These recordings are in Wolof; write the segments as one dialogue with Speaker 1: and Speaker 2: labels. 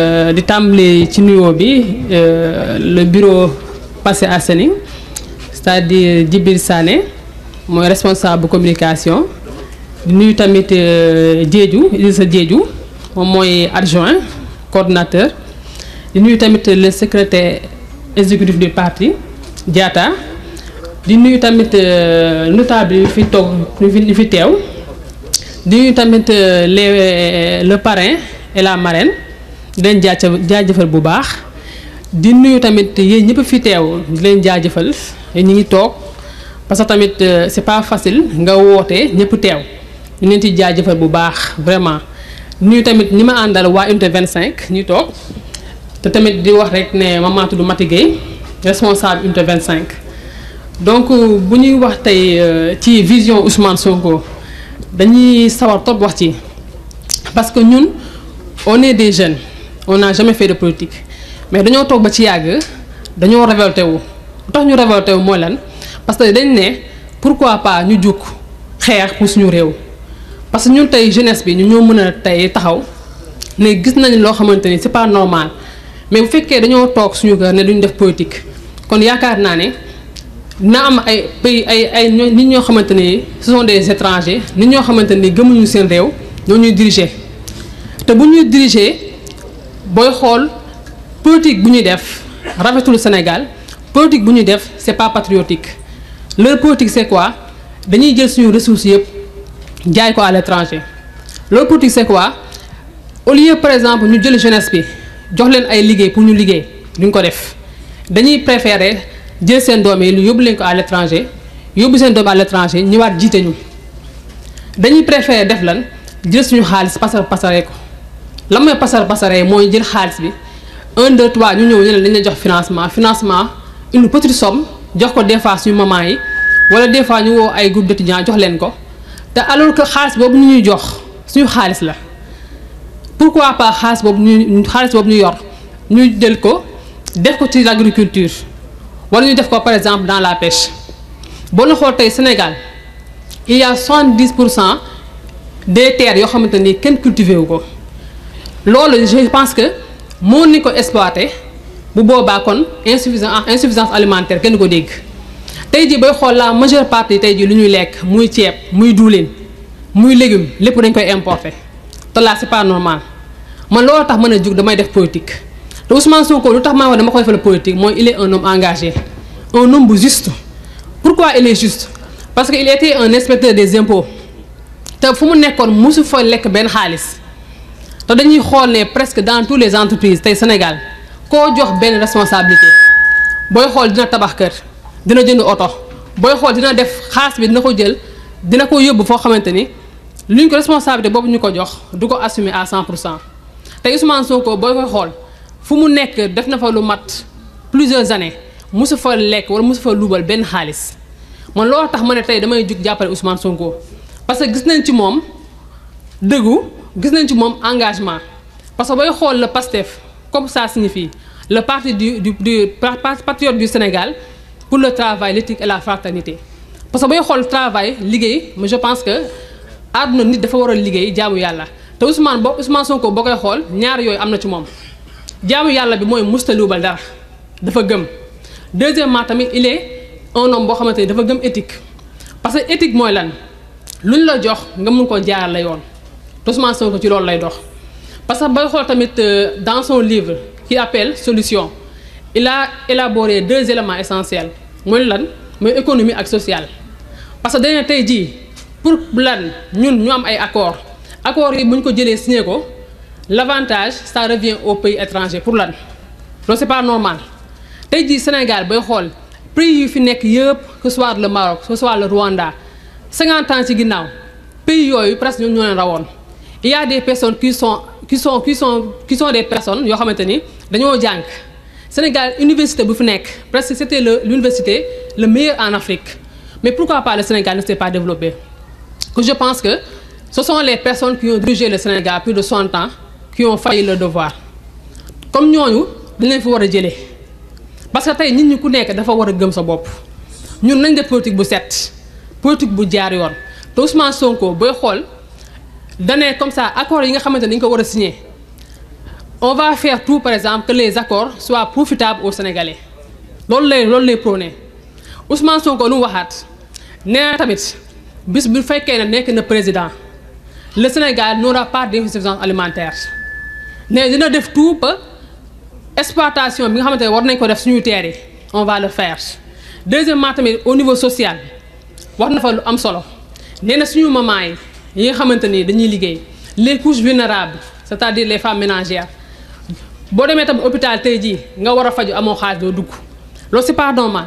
Speaker 1: Euh, di tàmbali ci nuyoo bi euh, le bureau Parcelles Assainies c'est-à-dire Djibril Sané mooy responsable communication di nuyu tamit euh, Diédhiou Idrissa Diédhiou moom mooy adjoint coordinateur di nuy tamit le secrétaire exécutif du parti Diatta di nuyu tamit notable yi fi toog ñu fi teew di nuyu tamit les le parrain et la marraine di leen jaaca jaajëfal bu baax di nuyu tamit yéen ñëpp fi teew di leen jaajëfal ñu ngi toog parce que tamit euh, c'est pas facile nga woote ñëpp teew ñu leen ci jaajëfal bu baax vraiment nuyu tamit ñi ma àndal waa unité cinq ñuy toog te tamit di wax rek ne maman tudd Mati Gueye responsable vingt cinq donc euh, bu ñuy wax tey euh, ci vision Ousmane Sonko dañuy sawar topp wax ci parce que ñun on est des jeunes. on n'a jamais fait de politique mais dañoo toog ba ci yàgg dañoo révolté wu tax ñu révolté wu mooy lan parce que dañ ne pour quoi pas ñu jug xeex pour suñu réew parce que ñun tey jeunesse bi ñu ñoo mën a tey taxaw ne gis nañ loo xamante ni c'est pas normal mais bu fekkee dañoo toog suñu kër ne duñu def politique kon yaakaar naa ne na am ay pays ay ay nit ñoo xamante ni ce sont des étrangers nit ñoo xamante ni gëmuñu seen réew ñoo ñuy diriger te bu ñuy diriger. booy xool politique bu ñuy def rafetul Sénégal politique bu ñuy def c'est pas patriotique leur politique c'est quoi dañuy jël suñu ressources yëpp jaay ko à l'étranger leur politique c'est quoi au lieu par exemple ñu jël jeunesse bi jox leen ay liggéey pour ñu liggéey duñ ko def dañuy préférer jël seen doom yi yóbbu leen ko à l'étranger yóbbu seen doom à l'étranger ñëwaat jiite ñu dañuy préférer def lan jël suñu xaalis pasar pasaree ko. la mooy pasar pasaree mooy jël xaalis bi un deux trois ñu ñëw ñu leen dañ la jox financement financement une petite somme jox ko des fois suñu maman yi wala des fois ñu woo ay groupe d'étudiants jox leen ko te alors que xaalis boobu ñu ñuy jox suñu xaalis la pourquoi pas xaalis boobu ñu xaalis boobu ñu yor ñu jël ko def ko ci l'agriculture wala ñu def ko par exemple dans la pêche boo la xool tey Sénégal il y a pour cent des terres yoo xamante ni kenn cultiver wu ko loolu je pense que moo ni ko exploité bu boobaa kon insuffisance ah, insuffisance alimentaire kenn ko dégg tey jii bay xool la majeure partie tey ji lu ñuy lekk muy ceeb muy diwlin muy légume lépp dañ koy importé te là c'est pas normal man loolu tax mën a jug damay def politique te Ousmane Sonko lu tax maa wax dama ko defal politique mooy il un homme engagé un homme bu juste pourquoi il est juste parce que il était un inspecteur des impôts te fu mu nekkoon mosu fa lekk benn xaalis te dañuy xool ne presque dans toutes les entreprises tey Sénégal koo jox benn responsabilité booy xool dina tabax kër dina jënd oto booy xool dina def xaas bi dina ko jël dina ko yóbbu foo xamante ni luñ ko responsabilité boobu ñu ko jox du ko assumé à 100 cent tey Ousmane Sonko booy koy xool fu mu nekk def na fa lu mat plusieurs années mosu fa lekk wala mosu fa luubal benn xaalis man loolu tax ma ne tey damay jug jàppale Ousmane Sonko parce que gis nañ ci moom dëggu. gis nañ ci moom engagement parce que booy xool le PASTEF comme ça signifie le parti du du du patriote du Sénégal pour le travail l'éthique et la fraternité parce que booy xool travail liggéey je pense que àdduna nit dafa war a liggéey jaamu yàlla te Ousmane boo soo ko boo koy xool ñaar yooyu am na ci moom jaamu yàlla bi mooy mustaliwubal dara dafa gëm deuxièmement tamit il est un homme boo xamante ni dafa gëm éthique parce que éthique mooy lan luñ la jox nga mun ko jaarale yoon. Ousmane Sonko ci loolu lay dox parce que booy xool tamit euh, dans son livre qui appelle solution il a élaboré deux éléments essentiels mooy lan mooy économie ak sociale parce que dañu tey jii pour lan ñun ñu am ay accords accords yi bu ñu ko jëlee signé ko l'avantage ça revient aux pays étrangers pour lan loolu c'est pas normal tey jii Sénégal booy xool prix yu fi nekk yëpp que soit le Maroc que soit Rwanda cinquante ci ginnaaw pays yooyu presque ñun ñoo leen rawoon il y a des personnes qui sont qui sont qui sont qui des personnes yoo xamante ni dañoo jàng Sénégal université bu fi nekk presque c' était le l' université le meilleur en Afrique mais pourquoi pas le Sénégal ne s'est pas développé que je pense que ce sont les personnes qui ont dirigé le Sénégal plus de 60 ans qui ont failli leur devoir comme ñooñu dañ leen fi war a jëlee parce que tey nit ñi ku nekk dafa war a gëm sa bopp ñun nañ de politique bu set politique bu jaar yoon te Ousmane Sonko booy xool. dane comme ça accords yi nga xamante ne dañu ko war a signer on va faire tout par exemple que les accords soit profitables au Sénégalais loolu lay loolu lay prôné Ousmane Sonko lu mu waxaat nee tamit bis bu fekkee ne nekk na président le Sénégal n'aura pas d'insuffisance alimentaire mais dina def tout ba exploitation bi nga xamante ne war nañ ko def suñu terres yi on le faire deuxièmement tamit au niveau social wax na fa lu am solo nee na suñu maman yi. yi nga xamante ni dañuy liggéey les couches bi c'est-à-dire les femmes ménagères boo demee tamit hôpital tey jii nga war a faju amoo xaalis doo dugg loolu c'est pas normal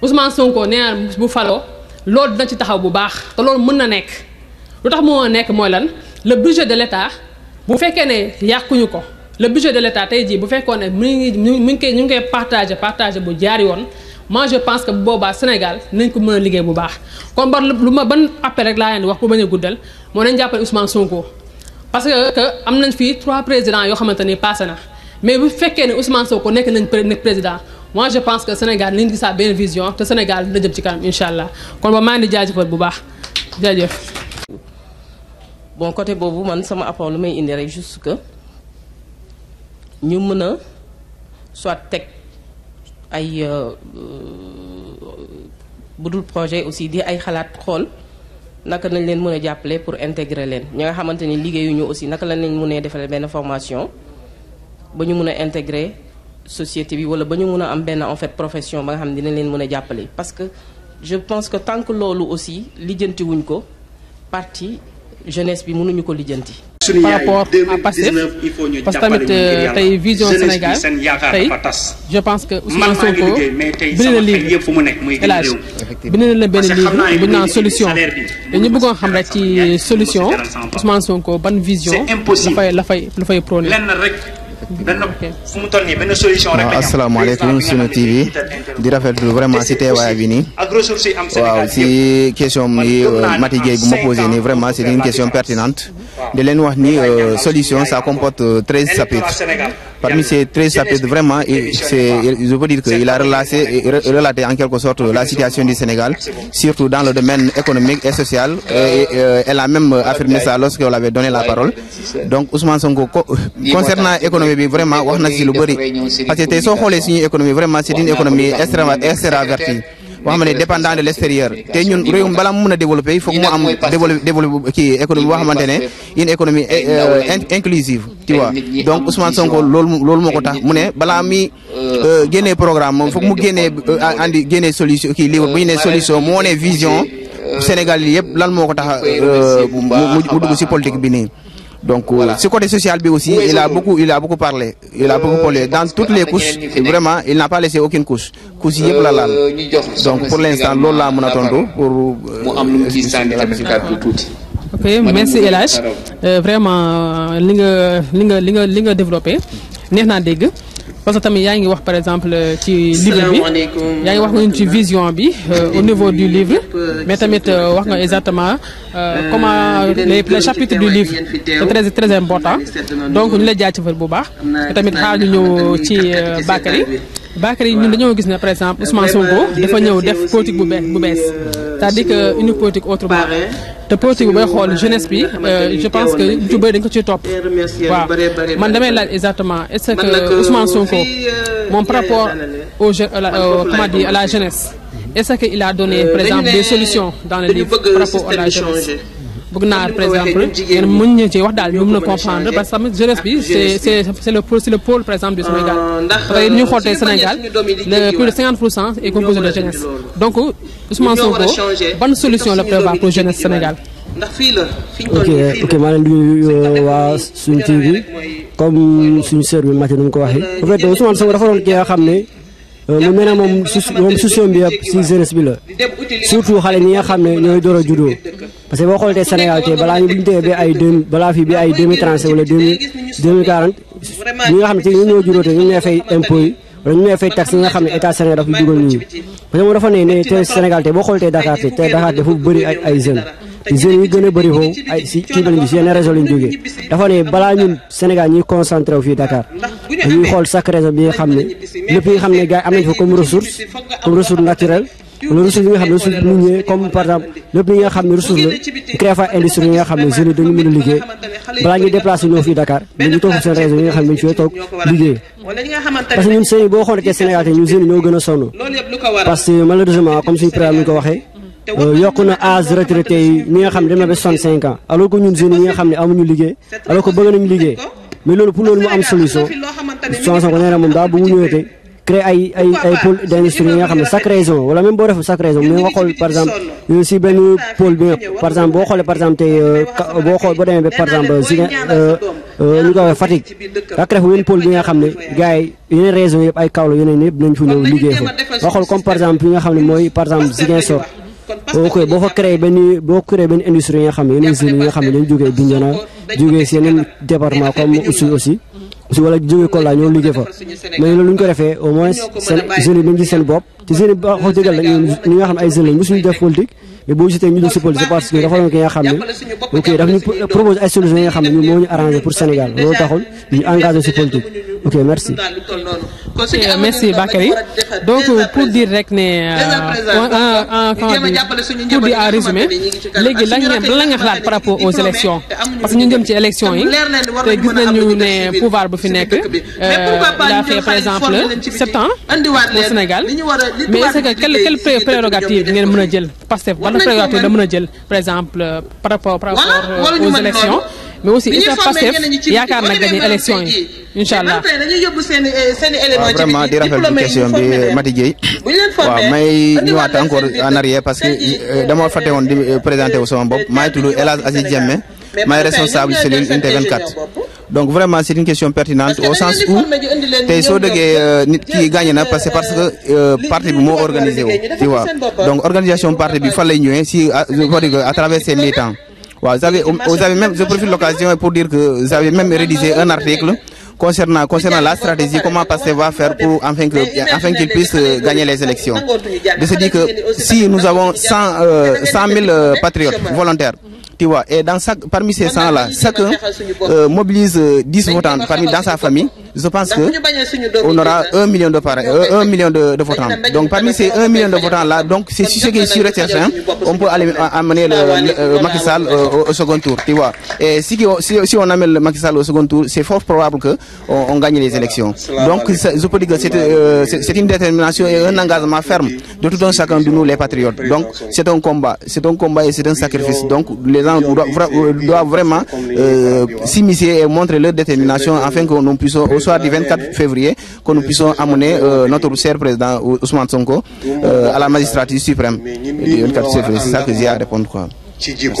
Speaker 1: Ousmane Sonko nee bu faloo loolu dina ci taxaw bu baax te loolu mën na nekk lu tax moo nekk mooy lan le budget de l'État bu fekkee ne yàquñu ko le budget de l'État tey jii bu fekkoon ne mu ngi mu ngi koy ñu ngi koy partagé partagé bu jaar yoon moi je pense que boobaa Sénégal nañ ko mën a liggéey bu baax kon ba lu ma ban appel rek laa leen di wax bu bañ a guddal moo nañ jàppale Ousmane Sonko parce que am nañ fii trois présidents yoo xamante ni passé na mais bu fekkee ne Ousmane ko nekk nañ nekk président moi je pense que Sénégal nañ gisaa benn vision te Sénégal dina jëm ci kanam incha allah kon ba maa ngi di jaajëfal bu baax jaajëf. bon côté boobu man sama apport lu may indi rek juste que ñu mën a soit teg. ay euh, euh, bu dul projet aussi di ay xalaat xool naka nañ leen mën a jàppale pour intégrer leen ñi nga xamante ni liggéeyuñu aussi naka lañ leen mënee defalee benn formation ba ñu mun a intégrer société bi wala ba ñu mun a am benn en fait profession ba nga xam ne dinañ leen mën a jàppale parce que je pense que tant que loolu aussi lijjantiwuñ ko parti jeunesse bi mënuñu ko lijjanti. suñu par rapport à Pastef parce que tamit tey vision Sénégal tey je pense que Ousmane Sonko bind na livre El Hadj bind na la benn livre bu naan solution dañu bëggoon xam rek ci solution Ousmane Sonko ban vision la fay la fay la fay prôné. benn fu mu toll nii benn solution rek.
Speaker 2: waaw ah, TV di rafetlu vraiment si teewaay bi nii. waaw si question yi euh, Mati Gueye bu ma posé nii vraiment c'est une question pertinente. di leen wax ni euh, solution ça comporte treize chapitres parmi ces treize chapitres vraiment c'est je peux dire que il a relacé relaté en quelque sorte la situation du Sénégal surtout dans le domaine économique et social euh, et euh, elle a même affirmé ça lorsqu'on l'avait donné la parole donc Ousmane Sonko concernant vraiment wax lu bëri parce que tey soo xoolee suñu économie vraiment c'est une économie extravertie boo xam ne dépendant de l' extérieur te ñun réewum balaa mu mën a développé il faut que mu am développé développé kii économie boo xamante ne une économie euh, inclusive tu vois donc Ousmane Sonko lool loolu moo ko tax mu ne balaa mi euh, génnee programme moom euh, foog mu génnee andi génnee solution kii livre bu ne solution moo ne vision Sénégal yi yëpp lan moo ko tax mu dugg si politique bi nii Donc euh, voilà. ce côté social bi aussi oui, il a oui. il a beaucoup parlé il a euh, beaucoup parlé dans toutes les couches vraiment il n'a pas laissé aucune couche couche yëpp la laal euh, donc pour l'instant loolu laa mën a tontu pour mu am lu mu ci sànni tamit kàddu tuuti
Speaker 1: ok merci El vraiment li nga li nga li nga li nga développé neex naa dégg parce que tamit yaa ngi wax par exemple euh, ci livre bi yaa ngi wax nga ci vision bi euh, au niveau du livre mais tamit euh, wax nga exactement comment les les chapitres du livre c'est très très important donc ñu la jaajëfal bu baax tamit xaar ñu ñëw ci Bakary Bakary ñun dañoo gis ne par exemple Ousmane Sonko dafa ñëw def politique bu bees bu bees c'est-à-dire que une politique autrement te politique bi booy xool jeunesse bi euh, je pense que ju bëri dañ ko ciy topp waaw man damay laaj exactement est-ce que euh, se Sonko euh, moom par rapport au je comment à la jeunesse est-ce que il a donné par exemple des solutions dans le livre par rapport à la jeunesse. bëgg naa par exemple ngeen mën ñu ci wax daal ñu mën comprendre parce que tamit jeunesse c'est le c'est pôle par exemple du ah, Sénégal parce que ñu euh, Sénégal le de pour cent est composé de jeunesse donc Ousmane Sonko ban solution la prévoir pour jeunesse Sénégal
Speaker 3: ok ok maa leen di nuyu euh, waa suñu TV comme suñu sœur bi Mathieu ko waxee dafa doon ki nga xam Euh, mu mel ne moom su moom bi yëpp si jeunesse bi la surtout xale ñi nga xam ne ñooy door a juddoo parce que boo xoolee tey Sénégal tey balaa ñu bu ay deux wala ñi nga xam ne te ñu ñoo juddoo te ñu nee fay impôt wala ñu nee fay taxe yi nga xam ne état Sénégal dafa dugal ñu parce que moom ne ne tey Sénégal boo xoolee tey Dakar tey tey Dakar dafa ay ay jeunes yi gën a bëri foofu ay si kii lañ si yenn réseau lañ jógee dafa ne balaa ñun Sénégal ñuy concentré wu fii Dakar dañuy xool chaque réseau bi nga xam ne lépp yi nga xam ne gars yi am nañ fa comme ressource comme ressource naturelle la créé fa industrie yi nga xam ne jeunes yi dañu mën a liggéey balaa ñuy déplacé ñoo fii Dakar mais ñu toog seen réseau yi nga xam ne dañu fee toog liggéey parce ñun sëñ boo xoolee Sénégal te ñun jeunes yi ñoo gën a sonn parce que comme suñu président mi ko waxee Euh, yokku na âge retraité yi nga xam ne na xam ne amuñu liggéey alors que bëgg nañu liggéey mais loolu pour loolu mu am solution Sonko nee na moom daal bu mu ñëwee tey ay ay ay yi nga xam ne chaque région wala même boo deful chaque région mais nga xool par exemple si benn pôle bi nga par exemple boo xoolee par exemple tey euh, boo xool boo demee ba par exemple Ziguinchor euh, ñu koy waxee Fatick ak def wenn pôle nga xam ne gars yi yeneen yëpp ay Kaolack yeneen yëpp dinañ boo koy boo fa créé benn boo créé benn industrie yi nga xam ne yeneen usines yi nga xam ne dañ jógee Bignona jógee si yeneen département comme aussi su jógee Kolda ñoo liggéey fa mais loolu ñu ko defee au moins seen jeunes yi dañ gis seen bopp te jeunes ba xoo dëggal ñi nga xam ne ay jeunes lañ mosuñu def politique mais boo ñu def si politique parce que dafa doon ki nga xam ne ok dafa ñu proposé ay solutions yi nga xam ne ñun ñu arrangé pour Sénégal loolu taxul ñu engagé si politique ok merci
Speaker 1: merci Bakary donc pour dire rek ne euh, euh, euh, pour dire à résumé léegi lan ngeen lan nga xalaat par rapport aux élections parce que ñu jëm ci élections yi te gis nañu ne pouvoir bu fi nekk daa fait par exemple sept ans au Sénégal mais est-ce que quelle quelle prérogative ngeen mën a jël Pastef a jël par exemple par rapport par rapport aux élections mais aussi yaakaar na gagné élection yi incha allah waaw vraiment di rafetlu question
Speaker 2: bi Mati Dieye
Speaker 1: waaw
Speaker 2: may waat encore en arrière parce que dama fàtte woon di présenté wu sama bopp maay tudd El Hadj Aziz Diame maay responsable cellule unité 24 donc vraiment c'est une question pertinente au sens où tey soo dëggee nit ki gagné na parce que parce que parti bi moo organisé wu tu vois donc organisation parti bi fan lay ñëwee si à travers ses militants waaw vous avez vous avez même je profite l'occasion pour dire que vous avez même rédigé un article concernant concernant la stratégie comment Pastef va faire pour afin que afin qu'il puisse euh, gagner les élections de se dire que si nous avons cent euh, cent mille euh, patriotes volontaires mhm. tu vois et dans chaque parmi ces 100 là chacun euh, mobilise 10 euh, votants parmi dans sa famille je pense que
Speaker 1: on aura 1
Speaker 2: million de parrain, euh, donc parmi ces 1 million de votants là donc c'est sûr que sur certain on peut amener le, le, au, second tour tu vois si, on amène le Macky au second tour c'est fort probable que on, gagne les élections donc je peux dire que c'est une détermination et un engagement ferme de tout un chacun de les patriotes donc c'est un combat c'est un combat président doit, doit vraiment euh, et montrer leur détermination afin que nous puissions, au soir du février, que nous euh, puissions amener euh, notre cher président Ousmane Sonko à la magistrature suprême du 24 février. C'est ça que j'ai à répondre. Quoi. Merci.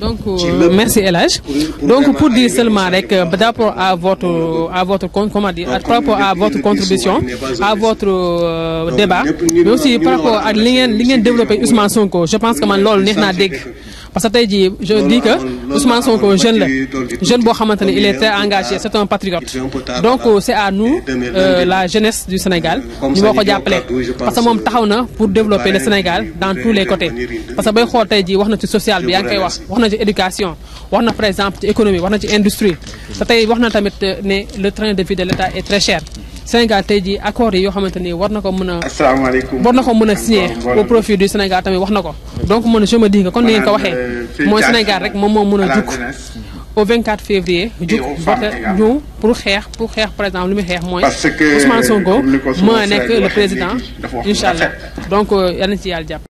Speaker 1: Donc, euh, merci Elage. Donc, pour dire seulement à votre, contribution, à votre débat, mais aussi par rapport à l'ingénieur développé Ousmane Sonko, je pense que man lol n'est pas parce que tey jii je dis que Ousmane Sonko jeune la jeune boo xamante ne il est très engagé c'est un patriote donc c'est à nous euh, la jeunesse du Sénégal ñu boo ko jàppale parce que moom taxaw na pour développer le Sénégal dans tous les côtés parce que bay xool tey jii wax na ci social bi yaa ngi koy wax wax na ci éducation wax na par exemple ci économie wax na ci industrie te tey wax na tamit euh, ne le train de vie de l'État est très cher Sénégal tey jii accords yi yoo xamante ni war na ko mën a. asalaamaaleykum war na ko mën a signé au profit du Sénégal tamit wax na ko. donc mën je me dis que kon ni ngeen ko waxee euh, mooy Sénégal rek moom moo mën a jug. au 24 février jug pour xeex pour xeex par exemple lu muy xeex mooy Ousmane Sonko mën a nekk le président incha allah
Speaker 3: donc euh, yal na ci jàpp.